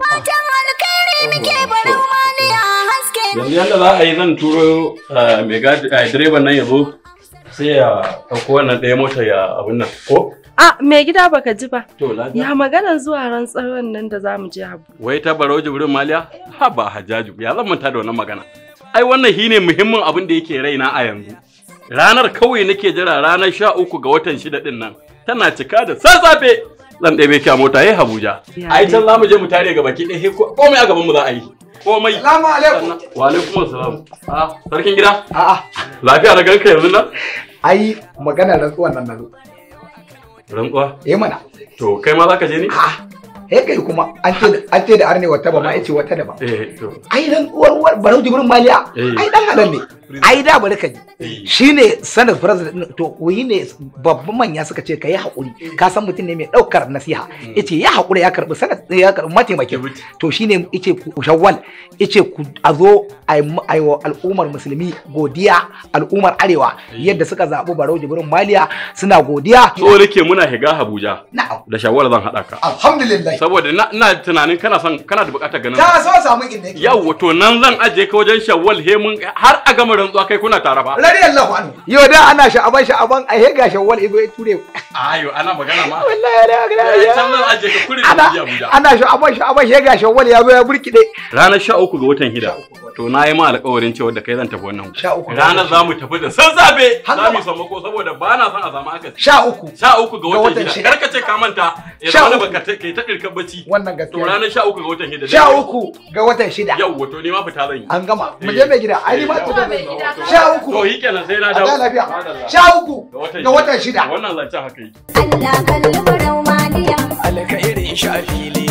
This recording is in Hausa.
Fatan alkhairi muke barin wani a haske. Yanzu yadda za a yi zan turo eh, eh, direban nan ya zo sai ya ɗauko wannan ɗaya mota ya abin nan ko? A me gida baka ji ba. Ya maganar zuwa rantsar nan da za mu je Abu. Wai ta baro jibrin maliya? Ha ba hajjaju ya zan manta da wannan magana. Ai wannan shine muhimmin abin da yake raina a yanzu. Ranar kawai nake jira ranar sha uku ga watan shida ɗin nan. Tana cika da sassafe. dan ɗebe ki a mota yayi Abuja ai can zamu je mu tare ga baki ɗaya komai a gaban mu za a yi komai salamu alaikum wa alaikum assalam Ah, sarkin gida a'a lafiya na ganka yanzu nan ai magana rantsuwan nan nazo rantsuwa eh mana to kai ma ka je ni a'a he eh, kai kuma an ce an ce da arne wata ba ma yace wata da ba eh, ai rantsuwar barau jibrin maliya eh. ai dan halal ne ai da bari ka ji eh. shine sanad president to wuyi ne babban manya suka ce ka yi haƙuri eh. ka san mutum ne mai daukar nasiha eh. yace ya haƙuri ya karbi sanad ya karɓi mataimakin to shine yace ku shawwal yace ku a zo ai al'ummar musulmi godiya al'ummar arewa yadda suka zaɓi barau jibrin maliya suna godiya so rike muna higa abuja da shawwal zan had'a ka alhamdulillah saboda ina tunanin kana son kana da buƙatar ganin ka so samu inda yake yawo to nan zan aje ka wajen shawwal he mun har a gama wurin rantsuwa kai kuna tare ba. Rari Allahu anhu. Yo da ana aban sha'aban aban a hega shawwal izo ya ture. Ayo ana magana ma. Wallahi da magana. Ya san nan aje ka kure da Abuja. Ana aban sha'aban sha'aban hega wal ya zo ya burki dai. Ranar 13 ga watan hida. To na yi ma alƙawarin cewa da kai zan tafi wannan. 13. Ranar za mu tafi da sassafe. Za mu samu ko saboda ba na son a zama haka. 13. 13 ga watan hida. Karka ce ka manta. Ya zama baka kai ta kirka bacci. Wannan gaskiya. To ranar 13 ga watan hida. 13 ga watan shida. Yau wato ni ma fita zan yi. An gama. Mu je eh. mai gida. Ai ni ma eh, fita zan yi. sha uku to yi kenan sai na dawo lafiya sha uku da watan shida wannan zancen haka yi Allah kallu